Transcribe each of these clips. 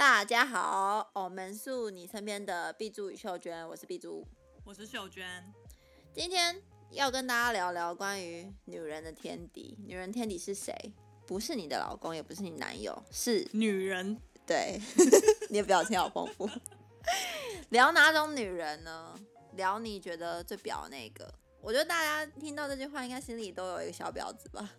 大家好，我們是你身邊的碧珠與秀娟，我是碧珠，我是秀娟，今天要跟大家聊聊關於女人的天敵，女人天敵是誰？不是你的老公，也不是你男友，是女人。對， 你的表情好豐富。 聊哪種女人呢？聊你覺得最婊那個？我覺得大家聽到這句話，應該心裡都有一個小婊子吧。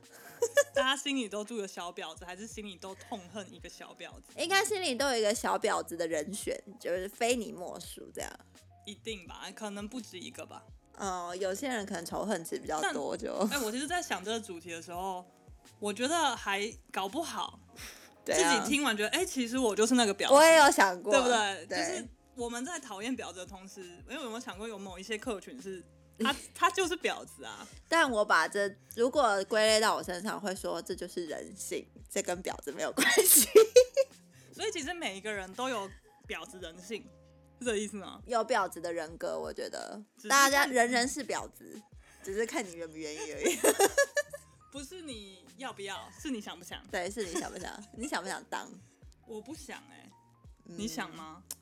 大家心裡都住着小婊子，還是心裡都痛恨一個小婊子？應該心裡都有一個小婊子的人選，就是非你莫屬這樣。一定吧？可能不止一個吧。嗯、哦，有些人可能仇恨值比較多就。哎、欸，我其實在想這個主題的時候，我覺得還搞不好，對啊、自己聽完覺得，哎、欸，其實我就是那個婊子。我也有想過，對不對？對，就是我們在討厭婊子的同時，因、欸、為我們有沒有想過有某一些客群是。他他就是婊子啊！但我把這如果歸類到我身上，會說，這就是人性，這跟婊子沒有關係。 所以其實每一個人都有婊子人性，是這個意思嗎？有婊子的人格，我覺得大家人人是婊子，只是看你願不願意而已。 不是你要不要，是你想不想？對，是你想不想？你想不想當？我不想、欸、你想嗎？嗯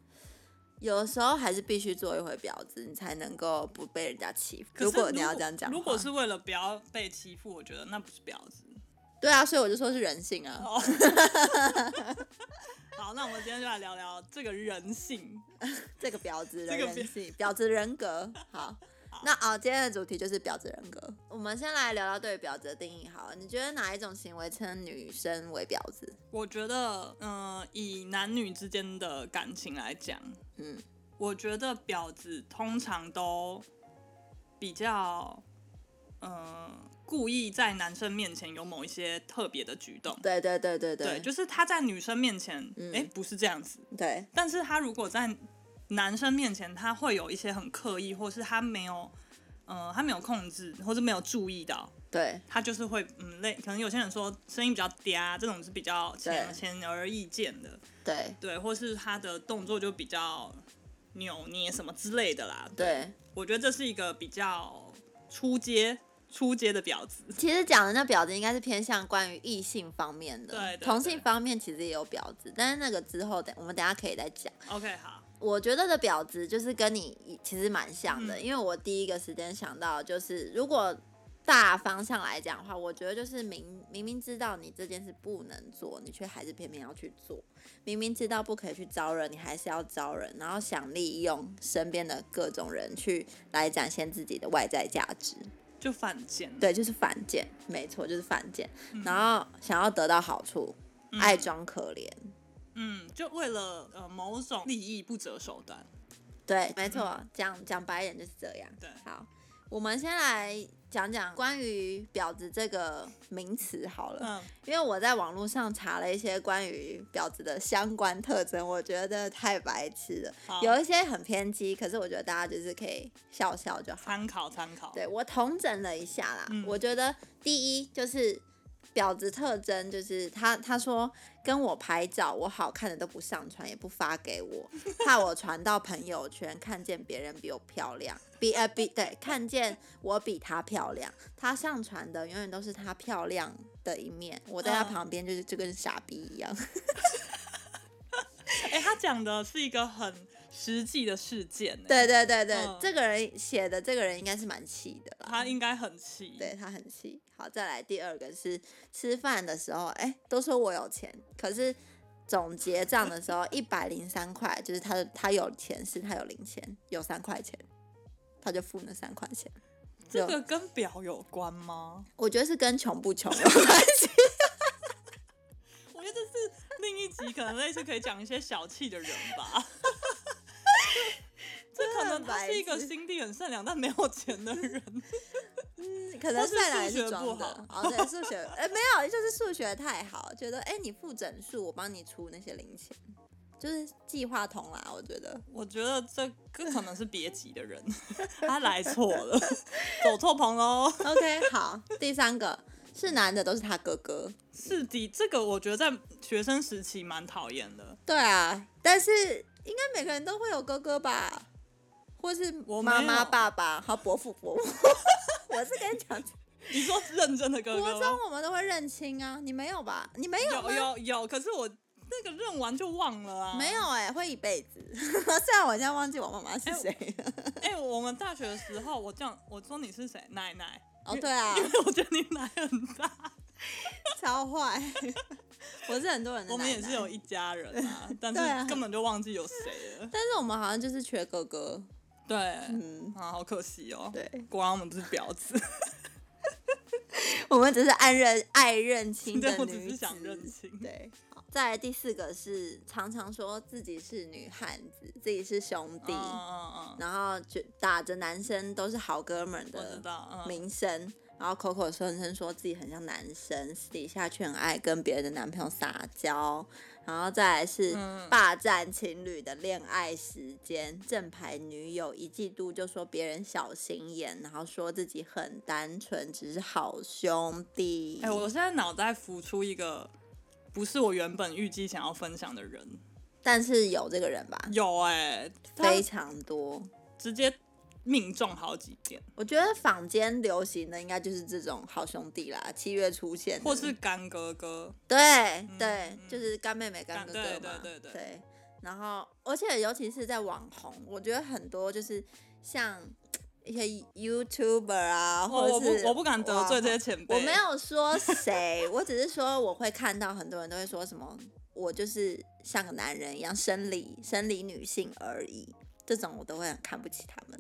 有的時候還是必須做一回婊子，你才能夠不被人家欺負。如果你要這樣講，如果是為了不要被欺負，我覺得那不是婊子。對啊，所以我就說是人性啊。好，那我們今天就來聊聊這個人性， 這個婊子的人性，這個、 婊子人格。好，好那、啊、哦，今天的主題就是婊子人格。 我們先來聊聊對婊子的定義。好了，你覺得哪一種行為稱女生為婊子？我覺得，嗯、呃，以男女之間的感情來講。嗯，我覺得婊子通常都比較，嗯、呃，故意在男生面前有某一些特別的舉動。對對對對對，對，對，就是他在女生面前，哎、嗯、欸，不是這樣子。對，但是他如果在男生面前，他會有一些很刻意，或是他沒有，呃、他沒有控制，或是沒有注意到。對他就是會嗯，類可能有些人說聲音比較嗲，這種是比較顯對而易見的。對對，或是他的動作就比較扭捏什麼之類的啦。對，對我覺得這是一個比較初階初階的婊子。其實講的那婊子應該是偏向關於異性方面的，對,對,對同性方面其實也有婊子，但是那個之後等我們等下可以再講。OK，好，我覺得的婊子就是跟你其實蠻像的，嗯，因為我第一個時間想到的就是如果。大方向來講的話，我覺得就是明明明知道你這件事不能做，你卻還是偏偏要去做；明明知道不可以去招人，你還是要招人，然後想利用身邊的各種人去來展現自己的外在價值，就犯賤。對，就是犯賤，沒錯，就是犯賤。嗯、然後想要得到好處，嗯、愛裝可憐，嗯，就為了呃某種利益不擇手段。對，沒錯，嗯、講講白一點就是這樣。對，好。我們先來講講關於“婊子”這個名詞好了，嗯，因為我在網絡上查了一些關於“婊子”的相關特徵，我覺得太白痴了，好有一些很偏激，可是我覺得大家就是可以笑笑就好，參考參考。對，我統整了一下啦，嗯，我覺得第一就是。婊子特徵就是他，他說，跟我拍照，我好看的都不上傳，也不發給我，怕我傳到朋友圈看見別人比我漂亮，比、啊、比對看見我比她漂亮，他上傳的永遠都是他漂亮的一面，我在他旁邊就是、uh、就跟傻逼一樣。哎、 欸，他講的是一個很。實際的事件、欸，對對對對，嗯、這個人寫的這個人應該是蠻氣的，他應該很氣，對他很氣。好，再來第二個是吃飯的時候，哎、欸，都說我有錢，可是總結賬的時候一百零三塊，就是他他有錢是他有零錢，有三塊錢，他就付那三塊錢。這個跟表有關嗎？我覺得是跟窮不窮有關係。 我覺得是另一集可能類似可以講一些小氣的人吧。這可能是一個心地很善良但沒有錢的人。嗯，可能是數學不好。哦，對，數學，哎、欸，沒有，就是數學太好，覺得哎、欸，你付整數，我幫你出那些零錢，就是計劃通啦。我覺得，我覺得這個可能是別級的人， 他來錯了， 走錯棚哦。OK，好，第三個是男的，都是他哥哥。是的，這個我覺得在學生時期蠻討厭的。對啊，但是應該每個人都會有哥哥吧？或是我媽媽、爸爸，還有好伯父、伯母， 我是跟你講， 你說認真的哥哥嗎？國中我們都會認親啊，你沒有吧？你沒有，有？有有，可是我那個認完就忘了啊，沒有哎、欸，會一輩子。 雖然我現在忘記我媽媽是誰了。哎、欸欸，我們大學的時候，我這樣我說你是誰？奶奶。哦，對啊因，因為我覺得你奶很大， 超壞壞。 我是很多人的奶奶。我們也是有一家人啊，但是根本就忘記有誰了、啊。但是我們好像就是缺哥哥。對，嗯、啊，好可惜哦。對，果然我們不是婊子， 我們只是愛認愛認親的女子。我只是想認親。對，好。再來，第四個是常常說自己是女漢子，自己是兄弟，啊啊啊啊，然後就打着男生都是好哥們兒的名聲，啊、然後口口聲聲說自己很像男生，私底下卻很愛跟別人的男朋友撒嬌。然後再來是霸占情侶的戀愛時間，嗯、正牌女友一嫉妒就說別人小心眼，然後說自己很單純，只是好兄弟。哎、欸，我現在腦袋浮出一個，不是我原本預計想要分享的人，但是有這個人吧，有哎、欸，非常多，直接。命中好幾點，我覺得坊間流行的應該就是這種好兄弟啦，七月出現，或是乾哥哥，對對，就是乾妹妹、乾哥哥嘛，對對對，對，對。然後，而且尤其是在網紅，我覺得很多就是像一些 YouTuber 啊，或者是我不，我不敢得罪這些前輩，我沒有說誰， 我只是說我會看到很多人都會說什麼，我就是像個男人一樣生理生理女性而已。這種我都會很看不起他們。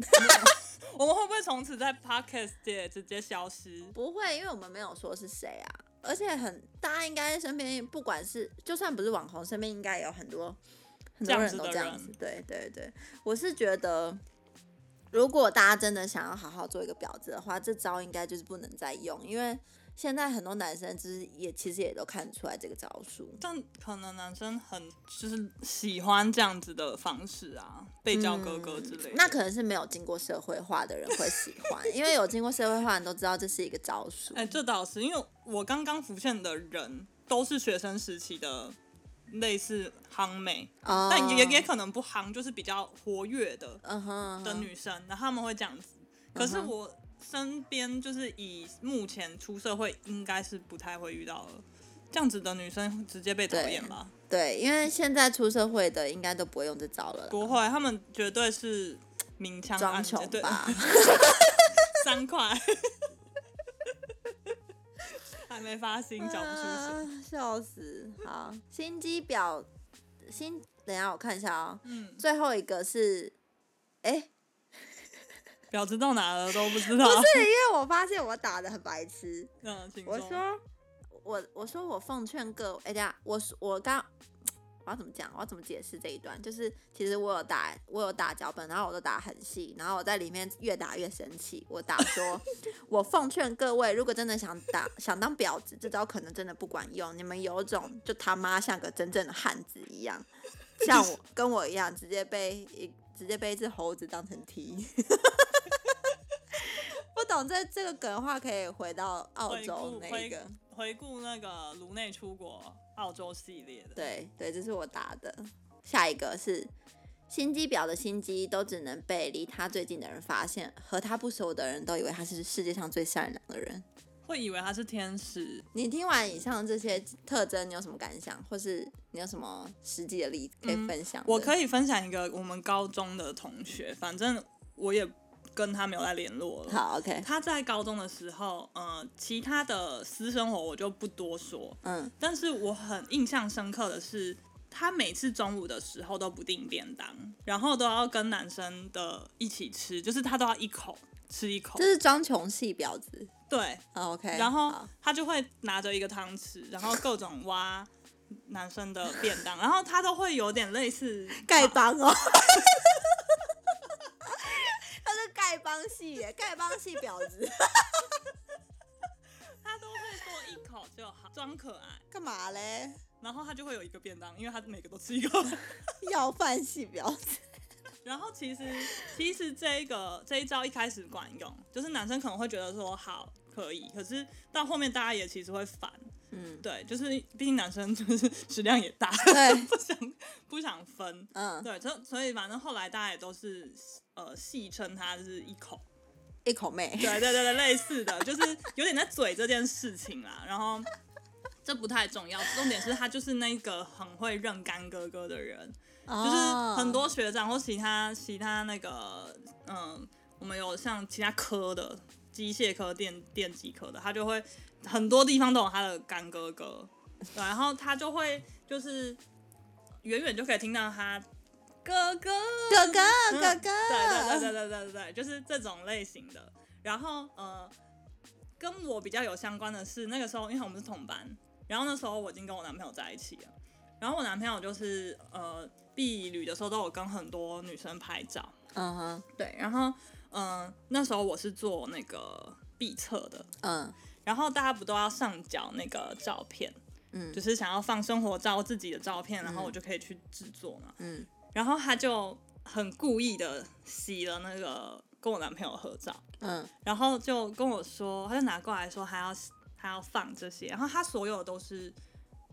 我們會不會從此在 podcast 界直接消失？不會，因為我們沒有說是誰啊，而且很，大家應該身邊不管是就算不是網紅，身邊應該也有很多很多人都這樣子。樣子，對對對，我是覺得，如果大家真的想要好好做一個婊子的話，這招應該就是不能再用，因為。現在很多男生其實也其實也都看得出來這個招數，但可能男生很就是喜歡這樣子的方式啊，被叫哥哥之類的，嗯。那可能是沒有經過社會化的人會喜歡， 因為有經過社會化人都知道這是一個招數。哎、欸，這倒是，因為我剛剛浮現的人都是學生時期的類似夯妹，哦、但也也可能不夯，就是比較活躍的嗯哼嗯哼的女生，那他們會這樣子。可是我。嗯身邊就是以目前出社會，應該是不太會遇到了這樣子的女生，直接被討厭吧？對，因為現在出社會的應該都不會用這招了。不會，他們絕對是明槍暗箭吧？對 三塊， 還沒發薪，找 不出什、啊、笑死。好，心機婊，心，等一下我看一下啊、哦。嗯，最後一個是，哎、欸。婊子到哪了都不知道。 不是因為我發現我打的很白痴。嗯。我說我我說我奉勸各哎、欸、等下，我我剛我要怎麼講？我要怎麼解釋這一段？就是其實我有打我有打腳本，然後我都打很細，然後我在裡面越打越生氣。我打說， 我奉勸各位，如果真的想打想當婊子，這招可能真的不管用。你們有種就他媽像個真正的漢子一樣，像我 跟我一樣，直接被一直接被一隻猴子當成 T。 不懂這這個梗的話，可以回到澳洲那一個回顧那個顱內出國澳洲系列的。對對，這是我答的。下一個是心機婊的心機都只能被離他最近的人發現，和他不熟的人都以為他是世界上最善良的人，會以為他是天使。你聽完以上這些特徵，你有什麼感想，或是你有什麼實際的例子可以分享？嗯，我可以分享一個我們高中的同學，反正我也。跟他沒有再聯絡了。好，OK。他在高中的時候，呃，其他的私生活我就不多說。嗯，但是我很印象深刻的是，他每次中午的時候都不訂便當，然後都要跟男生的一起吃，就是他都要一口吃一口。這是裝窮戲婊子。對，oh，OK。然後他就會拿着一個湯匙，然後各種挖男生的便當， 然後他都會有點類似丐幫哦。哇 丐幫系耶，丐幫系婊子， 他都會做一口就好，裝可愛幹嘛嘞？然後他就會有一個便當，因為他每個都吃一口 要飯系婊子， 然後其實其實這一個這一招一開始管用，就是男生可能會覺得說好可以，可是到後面大家也其實會煩。嗯，對，就是畢竟男生就是食量也大，對， 不想不想分，嗯，對，所所以反正後來大家也都是，呃，戲稱他是一口一口妹，對對對對，類似的 就是有點在嘴這件事情啦，然後這不太重要，重點是他就是那個很會認乾哥哥的人，哦、就是很多學長或其他其他那個，嗯，我們有像其他科的機械科、電電機科的，他就會。很多地方都有他的乾哥哥，對，然後他就會就是遠遠就可以聽到他哥哥哥哥哥哥，對對、啊、對對對對對，就是這種類型的。然後呃跟我比較有相關的是，那個時候因為我們是同班，然後那時候我已經跟我男朋友在一起了，然後我男朋友就是呃，畢旅的時候都有跟很多女生拍照，嗯哼，對，然後嗯、呃，那時候我是做那個。必測的，嗯，uh, 然後大家不都要上交那個照片，嗯，就是想要放生活照、自己的照片，然後我就可以去製作嘛，嗯，然後他就很故意的洗了那個跟我男朋友合照，嗯，uh, 然後就跟我說，他就拿過來說他要，他要放這些，然後他所有都是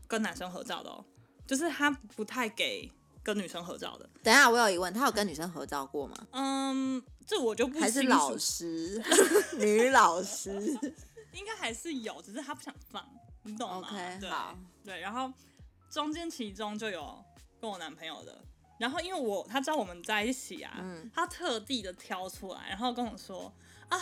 跟男生合照的哦，就是他不太給。跟女生合照的，等一下我有疑問，他有跟女生合照過嗎？嗯，這我就不清楚。還是老師， 女老師 應該還是有，只是他不想放，你懂嗎？OK，好，對，然後中間其中就有跟我男朋友的，然後因為我他知道我們在一起啊，嗯、他特地的挑出來，然後跟我說啊，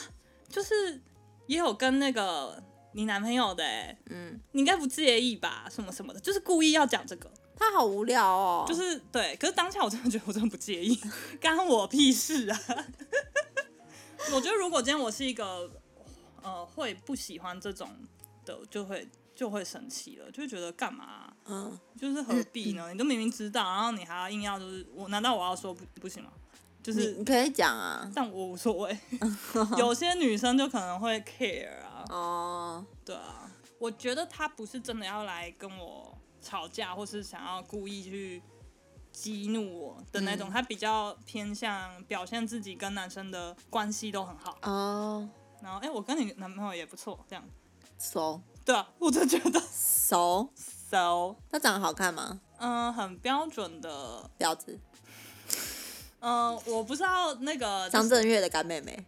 就是也有跟那個你男朋友的、欸，嗯，你應該不介意吧？什麼什麼的，就是故意要講這個。他好無聊哦，就是對，可是當下我真的覺得我真的不介意，幹我屁事啊！ 我覺得如果今天我是一個呃會不喜歡這種的，就會就會生氣了，就覺得幹嘛啊？嗯，就是何必呢？你都明明知道，然後你還要硬要就是我？難道我要說不不行嗎？就是你可以講啊，但我無所謂。 有些女生就可能會 care 啊，哦，對啊，我覺得他不是真的要來跟我。吵架，或是想要故意去激怒我的那種，嗯、他比較偏向表現自己跟男生的關係都很好啊。嗯、然後，哎、欸，我跟你男朋友也不錯，這樣熟。對啊，我就覺得熟熟。他熟長得好看嗎？嗯、呃，很標準的婊子。嗯、呃，我不知道那個張震岳的乾妹妹，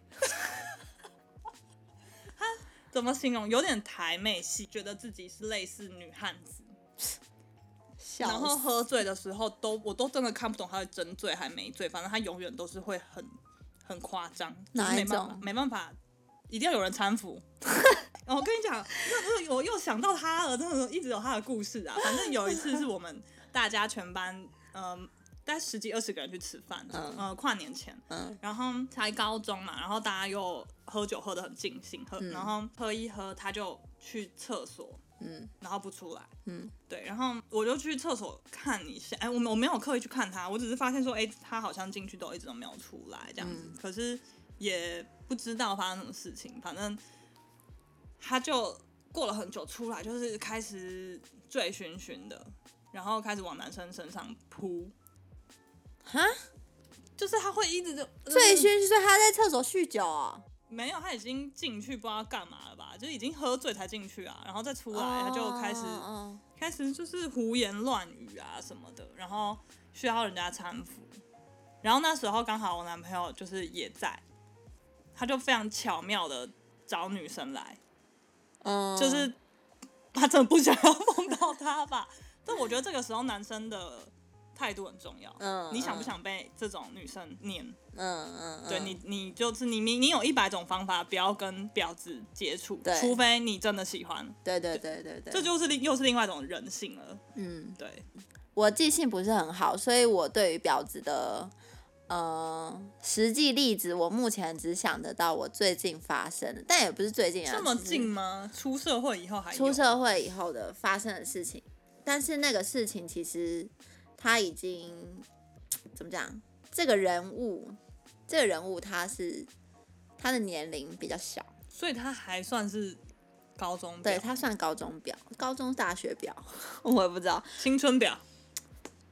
他怎麼形容？有點台妹系，覺得自己是類似女漢子。然後喝醉的時候都我都真的看不懂他是真醉還沒醉，反正他永遠都是會很很誇張，沒辦法沒辦法，一定要有人攙扶。我 跟你講，那我又想到他了，真的一直有他的故事啊。反正有一次是我們大家全班，嗯、 呃，大概十幾二十個人去吃飯，嗯、呃，跨年前，嗯，然後才高中嘛，然後大家又喝酒喝得很盡興，喝，嗯、然後喝一喝他就去廁所。嗯，然後不出來，嗯，對，然後我就去廁所看一下，哎，我我沒有刻意去看他，我只是發現說，哎，他好像進去都一直都沒有出來這樣子，嗯、可是也不知道發生什麼事情，反正他就過了很久出來，就是開始醉醺醺的，然後開始往男生身上撲，哈，就是他會一直就、嗯、醉醺醺，所以他在廁所酗酒啊、哦。沒有，他已經進去不知道幹嘛了吧，就已經喝醉才進去啊，然後再出來他就開始開始就是胡言亂語啊什麼的，然後需要人家攙扶，然後那時候剛好我男朋友就是也在，他就非常巧妙的找女生來，uh、就是他真的不想要碰到他吧， 但我覺得這個時候男生的。態度很重要。嗯，你想不想被這種女生念？嗯嗯，嗯，對你，你就是你，你你有一百種方法不要跟婊子接觸，對除非你真的喜歡。對對對對對，這就是另又是另外一種人性了。嗯，對，我記性不是很好，所以我對於婊子的呃實際例子，我目前只想得到我最近發生的，但也不是最近啊，這麼近嗎？出社會以後還出社會以後的發生的事情，但是那個事情其實。他已經怎麼講？這個人物，這個人物他是他的年齡比較小，所以他還算是高中，對，他算高中婊，高中大學婊， 我也不知道。青春婊。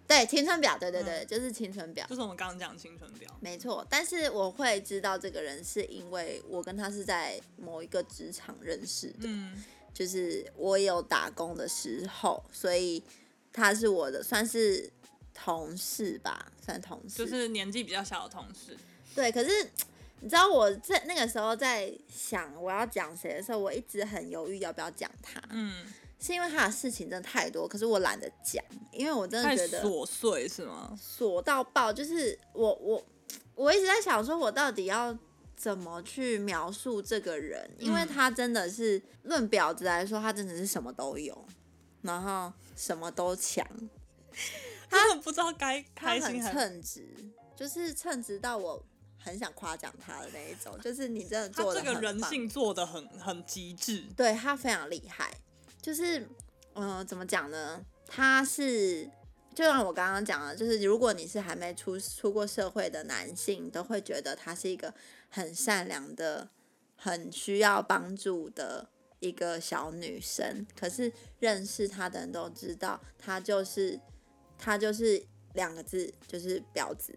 對，青春婊，對對對，嗯，就是青春婊。就是我們剛剛講青春婊。沒錯，但是我會知道這個人，是因為我跟他是在某一個職場認識的，嗯，就是我有打工的時候，所以他是我的算是。同事吧，算同事，就是年紀比較小的同事。對，可是你知道我在那個時候在想我要講誰的時候，我一直很猶豫要不要講他。嗯，是因為他的事情真的太多，可是我懶得講，因為我真的覺得瑣碎是嗎？瑣到爆，就是我我我一直在想說，我到底要怎麼去描述這個人，因為他真的是、嗯、論婊子來說，他真的是什麼都有，然後什麼都強。 他不知道該開心，很稱職，就是稱職到我很想誇獎他的那一種。就是你真的做的很這個人性做的很很極致，對他非常厲害。就是嗯、呃，怎麼講呢？他是就像我剛剛講的，就是如果你是還沒出出過社會的男性，都會覺得她是一個很善良的、很需要幫助的一個小女生。可是認識他的人都知道，她就是。他就是兩個字，就是婊子。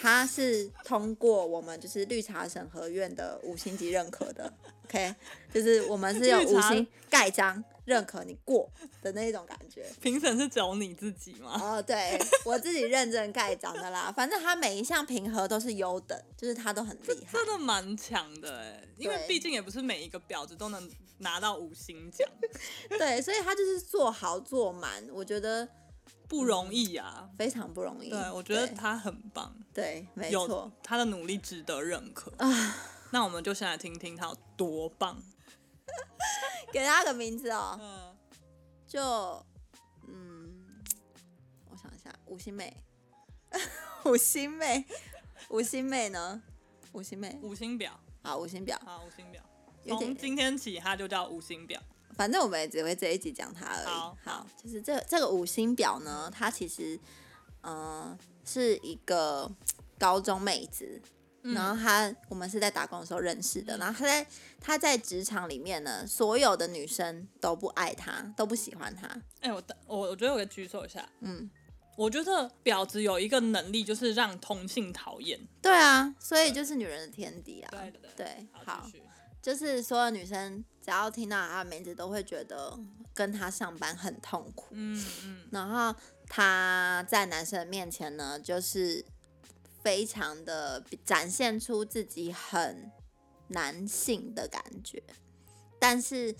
他是通過我們就是綠茶審核院的五星級認可的，OK，就是我們是有五星蓋章認可你過的那種感覺。評審是找你自己嗎？哦，對，我自己認真蓋章的啦。反正他每一項評核都是優等，就是他都很厲害，他都蠻強的，蠻強的，欸。哎對，因為畢竟也不是每一個婊子都能拿到五星獎。對，所以他就是做好做滿，我覺得。不容易啊、嗯，非常不容易。對，我覺得他很棒。對，沒錯，他的努力值得認可。那我們就先來聽聽他有多棒， 給他個名字哦。嗯、就，嗯，我想一下，五星妹，五星妹，五星妹呢？五星妹。五星表。啊，五星表。啊，五星表。從星今天起，他就叫五星表。反正我們也只會這一集講他而已。好，好，就是這這個五星婊呢，她其實，嗯、呃，是一個高中妹子，嗯、然後她我們是在打工的時候認識的，嗯、然後她在她在職場裡面呢，所有的女生都不愛她，都不喜歡她。哎、欸，我我我覺得我給舉手一下，嗯，我覺得婊子有一個能力就是讓同性討厭。對啊，所以就是女人的天敵啊。對。對對對，好。好，繼續。就是所有女生，只要聽到他的名字，都會覺得跟他上班很痛苦。嗯，然後他在男生的面前呢，就是非常的展現出自己很男性的感覺，但是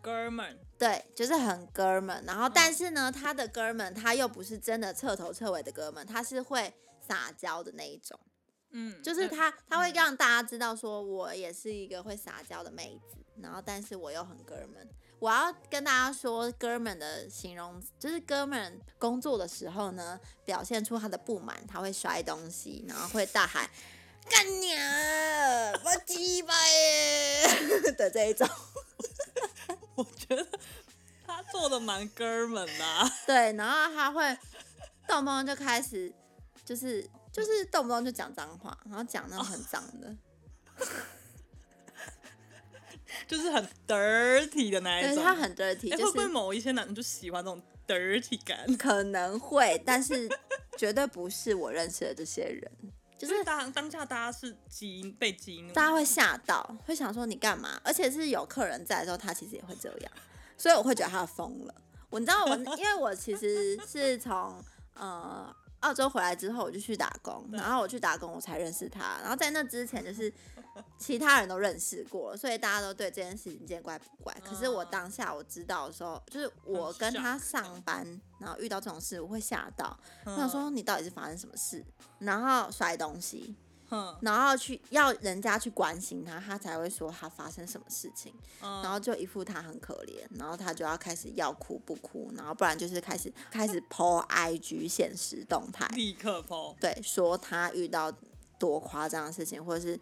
哥們，對，就是很哥們。然後，但是呢，他的哥們他又不是真的徹頭徹尾的哥們，他是會撒嬌的那一種。嗯，就是他，他會讓大家知道，說我也是一個會撒嬌的妹子。然後，但是我又很哥們，我要跟大家說，哥們的形容就是哥們工作的時候呢，表現出他的不滿，他會摔東西，然後會大喊“幹娘，我雞巴耶”的這一種。我覺得他做得蠻哥們的。對，然後他會動不動就開始，就是就是動不動就講髒話，然後講那種很髒的。 就是很 dirty 的男人，種，對他很 dirty，就是欸、會不會某一些男就喜歡那種 dirty 感？可能會，但是絕對不是我認識的這些人。就是當當下大家是基因，被基因，大家會嚇到，會想說你幹嘛？而且是有客人在的時候，他其實也會這樣，所以我會覺得他瘋了。我你知道我，因為我其實是從呃。澳洲回來之後，我就去打工，然後我去打工，我才認識他。然後在那之前，就是其他人都認識過，所以大家都對這件事情見怪不怪。可是我當下我知道的時候，就是我跟他上班，然後遇到這種事，我會嚇到，我想說你到底是發生什麼事，然後摔東西。然後去要人家去關心他，他才會說他發生什麼事情，嗯、然後就一副他很可憐，然後他就要開始要哭不哭，然後不然就是開始開始 po IG 限時動態，立刻 po，對，說他遇到多誇張的事情，或者是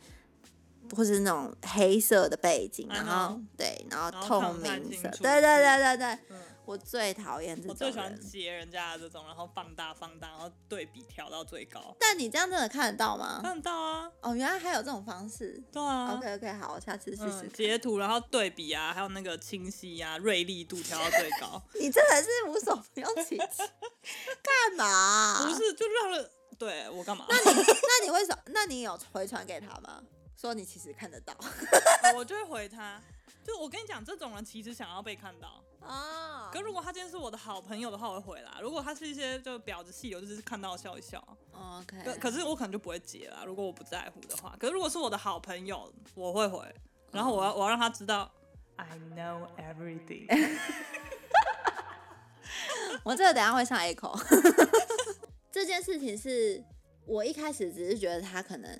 或者是那種黑色的背景，嗯、然後對，然後，然後透明色，對對對對對。對對對嗯。我最討厭這種，我最喜歡截人家的這種，然後放大放大，然後對比調到最高。但你這樣真的看得到嗎？看得到啊！哦，原來還有這種方式。對啊。OK OK，好，我下次試試、嗯、截圖，然後對比啊，還有那個清晰啊，銳利度調到最高。 你真的是無所不用其極，幹 嘛、啊？不是，就讓人對我幹嘛？那你那你為什麼？那你有回傳給他嗎？說你其實看得到。 哦、我就會回他，就我跟你講，這種人其實想要被看到。啊，oh. 可如果他今天是我的好朋友的話，我會回來。如果他是一些就婊子戲流，我就是看到笑一笑。Oh, OK，可可是我可能就不會接啦。如果我不在乎的話，可是如果是我的好朋友，我會回，oh. 然後我要我要讓他知道。I know everything。我這個等下會上一口。這件事情是我一開始只是覺得他可能。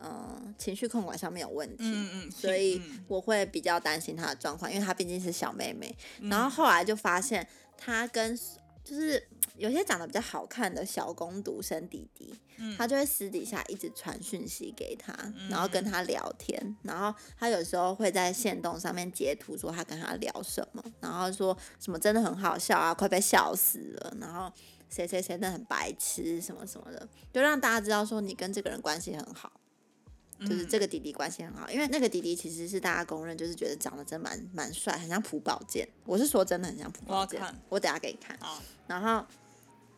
嗯，情緒控管上面有問題，嗯嗯，所以我會比較擔心她的狀況，因為她畢竟是小妹妹。然後後來就發現他跟，她跟就是有些長得比較好看的小工讀生弟弟，他就會私底下一直傳訊息給她，然後跟她聊天，然後他有時候會在限動上面截圖說他跟她聊什麼，然後說什麼真的很好笑啊，快被笑死了，然後誰誰誰真的很白痴什麼什麼的，就讓大家知道說你跟這個人關係很好。就是這個弟弟關係很好，嗯、因為那個弟弟其實是大家公認，就是覺得長得真蠻蠻帥，很像朴寶劍。我是說，真的很像朴寶劍。我，我等下給你看。好然後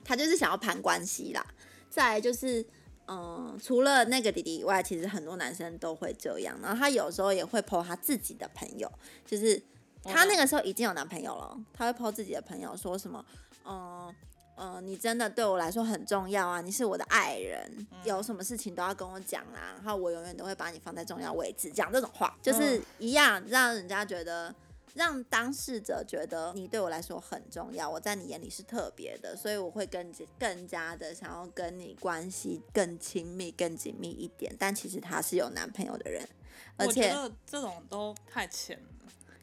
他就是想要盤關係啦。再就是，嗯、呃，除了那個弟弟以外，其實很多男生都會這樣。然後他有時候也會 po 他自己的朋友，就是他那個時候已經有男朋友了，他會 po 自己的朋友說什麼，嗯、呃。嗯、呃，你真的對我來說很重要啊！你是我的愛人，嗯、有什麼事情都要跟我講啦、啊。然後我永遠都會把你放在重要位置。講這種話就是一樣，讓人家覺得，嗯、讓當事者覺得你對我來說很重要，我在你眼裡是特別的，所以我會更更加的想要跟你關係更親密、更緊密一點。但其實他是有男朋友的人，而且這種都太淺了。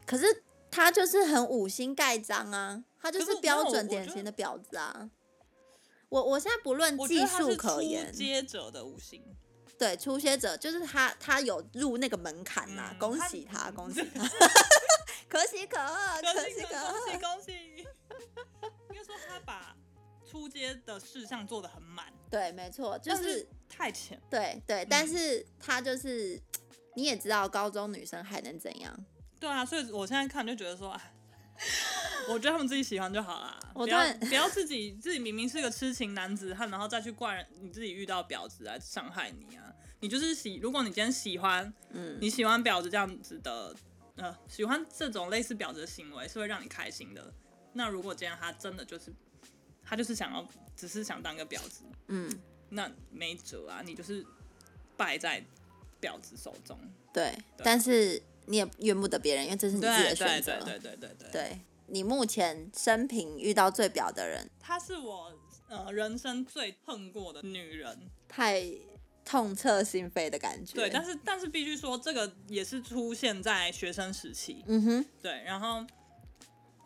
可是。他就是很五星蓋章啊，他就是標準典型的婊子啊。我我現在不論技術可言。初階者的五星。對，初學者就是他，他有入那個門檻吶，恭喜他，恭喜他。可喜可賀，可喜，恭喜恭喜。應該說他把初階的事項做得很滿。對，沒錯，就是太淺。對對，但是他就是，你也知道，高中女生還能怎樣？對啊，所以我現在看，就覺得說，啊、我覺得他們自己喜歡就好了， 不要不要自己自己明明是個痴情男子漢，然後再去怪你自己遇到婊子來傷害你啊！你就是喜，如果你今天喜歡，嗯，你喜歡婊子這樣子的、嗯呃，喜歡這種類似婊子的行為是會讓你開心的。那如果今天他真的就是他就是想要，只是想當個婊子，嗯，那沒轍啊，你就是敗在婊子手中。對，對但是。你也怨不得別人，因為這是你自己的選擇。對對對對對對，對，你目前生平遇到最婊的人，她是我呃人生最恨過的女人，太痛徹心扉的感覺。對，但是但是必須說，這個也是出現在學生時期。嗯哼，對，然後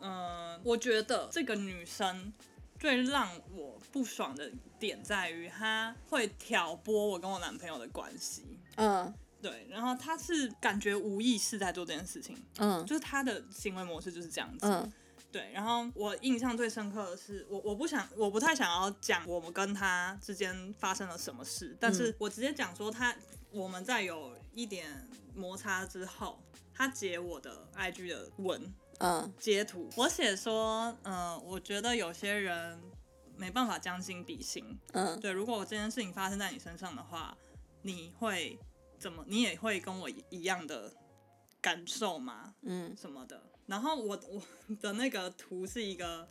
嗯、呃，我覺得這個女生最讓我不爽的點在於，她會挑撥我跟我男朋友的關係。嗯。對，然後他是感覺無意識在做這件事情，嗯，uh. 就是他的行為模式就是這樣子，uh. 對。然後我印象最深刻的是，我我不想，我不太想要講我們跟他之間發生了什麼事，但是我直接講說他，我們在有一點摩擦之後，他截我的 IG 的文，嗯，截圖，我寫說，嗯、呃，我覺得有些人沒辦法將心比心，嗯，uh. 對，如果這件事情發生在你身上的話，你會。怎麼，你也會跟我一樣的感受嗎？嗯，什麼的。然後我我的那個圖是一個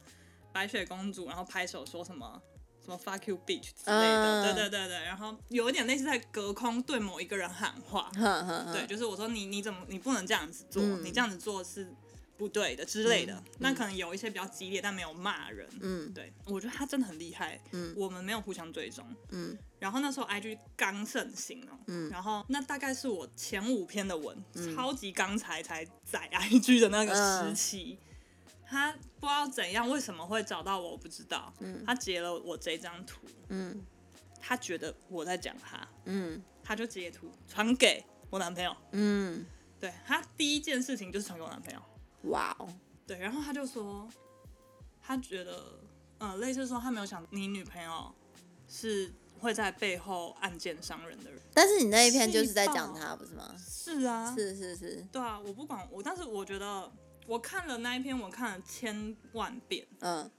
白雪公主，然後拍手說什麼什麼 fuck you bitch 之類的，對、啊啊啊、對對對。然後有一點類似在隔空對某一個人喊話，呵呵呵對，就是我說你你怎麼你不能這樣子做，嗯、你這樣子做是。不對的之類的，那可能有一些比較激烈，但沒有罵人。嗯，對，我覺得他真的很厲害。嗯，我們沒有互相追蹤。嗯，然後那時候 IG 剛盛行哦。嗯，然後那大概是我前五篇的文超級剛才才載 IG 的那個時期，他不知道怎樣為什麼會找到我，我不知道。嗯，他截了我這張圖。嗯，他覺得我在講他。嗯，他就截圖傳給我男朋友。嗯，對，他第一件事情就是傳給我男朋友。哇哦，Wow 對，然後他就說，他覺得，嗯、呃，類似說他沒有想你女朋友是會在背後暗箭傷人的人，但是你那一篇就是在講他，胞不是嗎？是啊，是是是，對啊，我不管我，但是我覺得我看了那一篇，我看了千萬遍，嗯，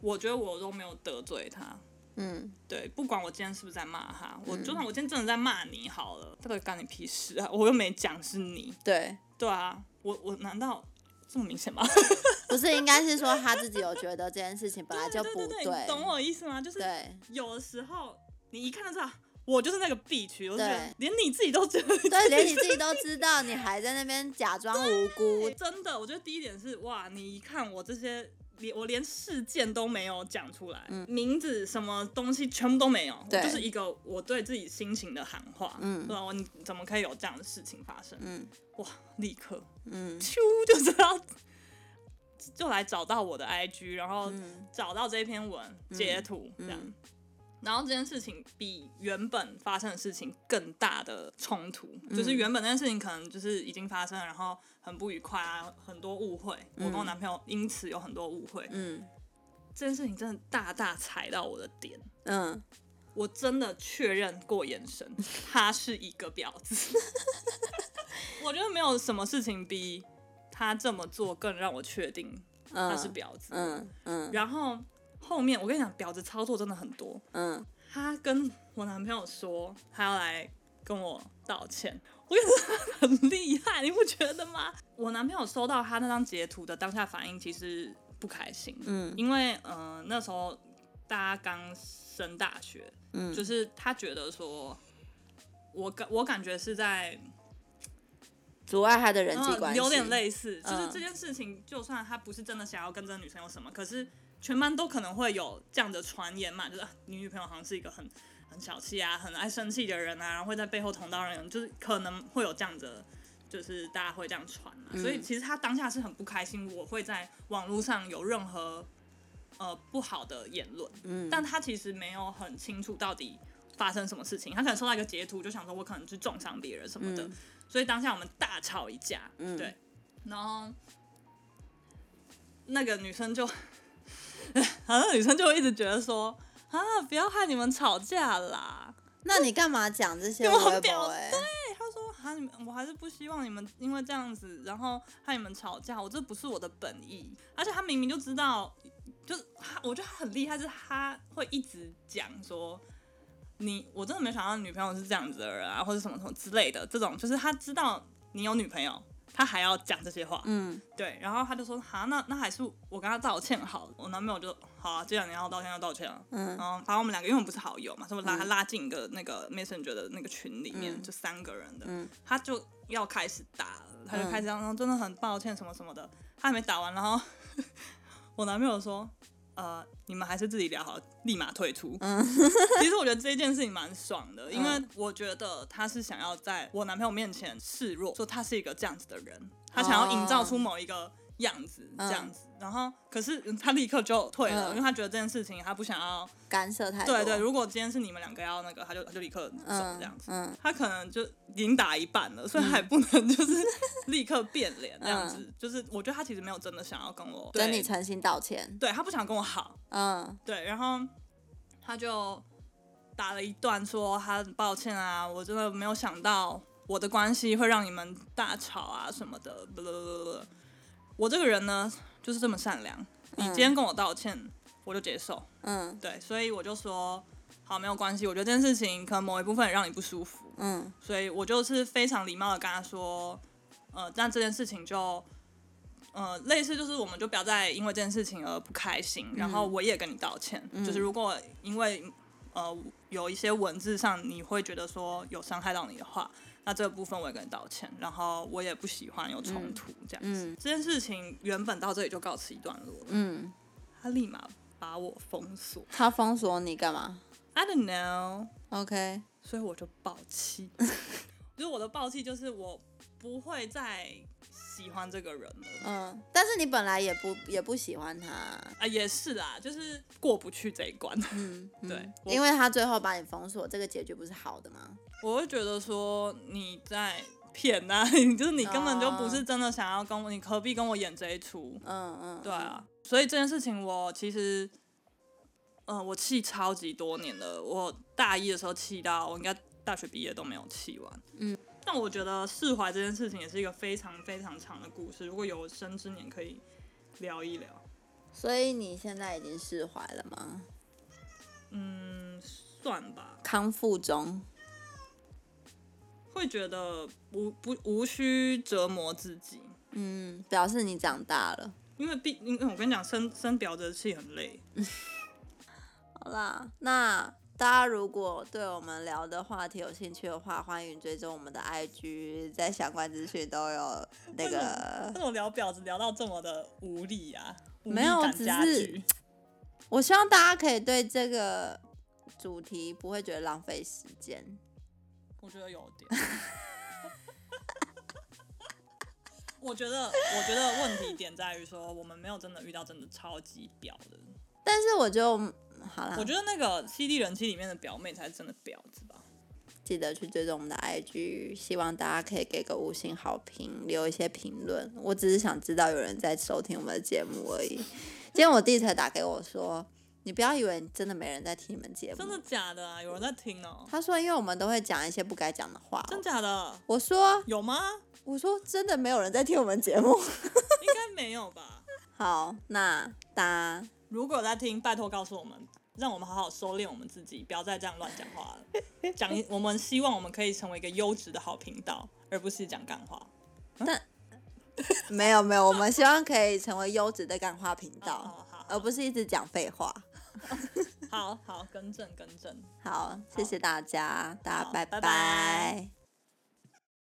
我覺得我都沒有得罪他，嗯，對，不管我今天是不是在罵他，我、嗯、就算我今天真的在罵你好了，到底干你屁事啊，我又沒講是你，對，對啊，我我難道？這麼明顯嗎？ 不是，應該是說他自己有覺得這件事情本來就不對。對對對對，你懂我意思嗎？就是有的時候對你一看就知道，我就是那個 bitch< 對>，我覺得連你自己都覺得，對，連你自己都知道，你還在那邊假裝無辜，我真的，我覺得第一點是哇，你一看我這些。連我連事件都沒有講出來，嗯、名字什麼東西全部都沒有，對就是一個我對自己心情的喊話，不、嗯、然後我怎麼可以有這樣的事情發生？嗯，哇，立刻，嗯，啾就知道，就來找到我的 IG，然後找到這篇文、嗯、截圖這樣。嗯嗯然後這件事情比原本發生的事情更大的衝突，嗯、就是原本那件事情可能就是已經發生了，然後很不愉快啊，很多誤會。嗯、我跟我男朋友因此有很多誤會。嗯，這件事情真的大大踩到我的點。嗯，我真的確認過眼神，他是一個婊子。 我覺得沒有什麼事情比他這麼做更讓我確定他是婊子。嗯嗯，嗯嗯然後。後面我跟你講，婊子操作真的很多。嗯，他跟我男朋友說，他要來跟我道歉。我跟你說，很厲害，你不覺得嗎？我男朋友收到他那張截圖的當下反應，其實不開心。嗯，因為嗯、呃、那時候大家剛升大學，嗯，就是他覺得說，我我感覺是在阻礙他的人際關係，有點類似。就是這件事情，嗯、就算他不是真的想要跟這個女生有什麼，可是。全班都可能會有這樣的傳言嘛，就是你、啊、女、女朋友好像是一個很很小氣啊，很愛生氣的人啊，然後會在背後捅刀人，就是可能會有這樣子，就是大家會這樣傳嘛。嗯、所以其實他當下是很不開心，我會在網絡上有任何呃不好的言論，嗯、但他其實沒有很清楚到底發生什麼事情，他可能收到一個截圖，就想說我可能去中傷別人什麼的，嗯、所以當下我們大吵一架，嗯、對，然後那個女生就。然後女生就會一直覺得說啊，不要害你們吵架啦。那你幹嘛講這些，我很婊。對，哎、他說啊，你們我還是不希望你們因為這樣子，然後害你們吵架。我這不是我的本意。而且他明明就知道，就是他，我覺得很厲害，是他會一直講說你，我真的沒想到女朋友是這樣子的人啊，或者什麼什麼之類的。這種就是他知道你有女朋友，他還要講這些話，嗯，對，然後他就說，哈，那那還是我跟他道歉好，我男朋友就好啊，既然你要道歉就道歉了，嗯然，然後反正我們兩個，因為我們不是好友嘛，他們拉、嗯、他拉進一個那個 messenger 的那個群裡面，嗯、就三個人的，嗯、他就要開始打，他就開始讓他、嗯、真的很抱歉什麼什麼的，他還沒打完，然後 我男朋友說。呃，你們還是自己聊好，立馬退出。 其實我覺得這一件事情蠻爽的，因為我覺得他是想要在我男朋友面前示弱，說他是一個這樣子的人，他想要營造出某一個。樣子這樣子，嗯、然後可是他立刻就退了，嗯、因為他覺得這件事情他不想要干涉太多。對對，對，如果今天是你們兩個要那個，他就他就立刻走這樣子。嗯、他可能就已經打一半了，所以還不能就是立刻變臉這樣子。嗯、就是我覺得他其實沒有真的想要跟我跟、嗯、對你誠心道歉。對他不想跟我好。嗯，對，然後他就打了一段說他抱歉啊，我真的沒有想到我的關係會讓你們大吵啊什麼的。我這個人呢，就是這麼善良。嗯、你今天跟我道歉，我就接受。嗯，對，所以我就說好，沒有關係。我覺得這件事情可能某一部分讓你不舒服。嗯，所以我就是非常禮貌地跟他說，呃，但這件事情就，呃，類似就是，我們就不要再因為這件事情而不開心。然後我也跟你道歉，嗯、就是如果因為呃有一些文字上你會覺得說有傷害到你的話。那這個部分我也跟你道歉，然後我也不喜歡有衝突這樣子。嗯、這件事情原本到這裡就告辭一段落了。嗯，他立馬把我封鎖。他封鎖你幹嘛？I don't know. OK，所以我就爆氣。 就是我的爆氣，就是我不會再喜歡這個人了。嗯，但是你本來也不也不喜歡他啊，也是啊，就是過不去這一關。嗯，嗯對，因為他最後把你封鎖，這個結局不是好的嗎？我會覺得說你在騙啊，就是你根本就不是真的想要跟我，你何必跟我演這一出？嗯？嗯嗯，對啊，所以這件事情我其實，嗯、呃，我氣超級多年了，我大一的時候氣到我應該大學畢業都沒有氣完。嗯，但我覺得釋懷這件事情也是一個非常非常長的故事，如果有生之年可以聊一聊。所以你現在已經釋懷了嗎？嗯，算吧，康復中。會覺得無不，不無需折磨自己，嗯，表示你長大了，因為畢，因為我跟你講，生生婊子氣很累。 好啦，那大家如果對我們聊的話題有興趣的話，歡迎追蹤我們的 IG，在相關資訊都有那個。怎麼，麼聊婊子聊到這麼的無力啊？沒有，只是我希望大家可以對這個主題不會覺得浪費時間。我覺得有點， 我覺得我覺得問題點在於說我們沒有真的遇到真的超級婊的，但是我就好啦，我覺得那個 C D 人氣裡面的表妹才是真的婊子吧。記得去追蹤我們的 I G，希望大家可以給個五星好評，留一些評論。我只是想知道有人在收聽我們的節目而已。今天我弟才打給我說。你不要以為真的沒人在聽你們節目，真的假的？有人在聽哦、喔。他說，因為我們都會講一些不該講的話、喔。真假的？我說有嗎？我說真的沒有人在聽我們節目， 應該沒有吧？好，那答。如果在聽，拜托告訴我們，讓我們好好收斂我們自己，不要再這樣亂講話了。講， 我們希望我們可以成為一個優質的好頻道，而不是講幹話。嗯、但沒有沒有，沒有麼我們希望可以成為優質的幹話頻道，啊、而不是一直講廢話。 哦、好好更正，更正好，好謝謝大家，好大家好拜拜，拜拜。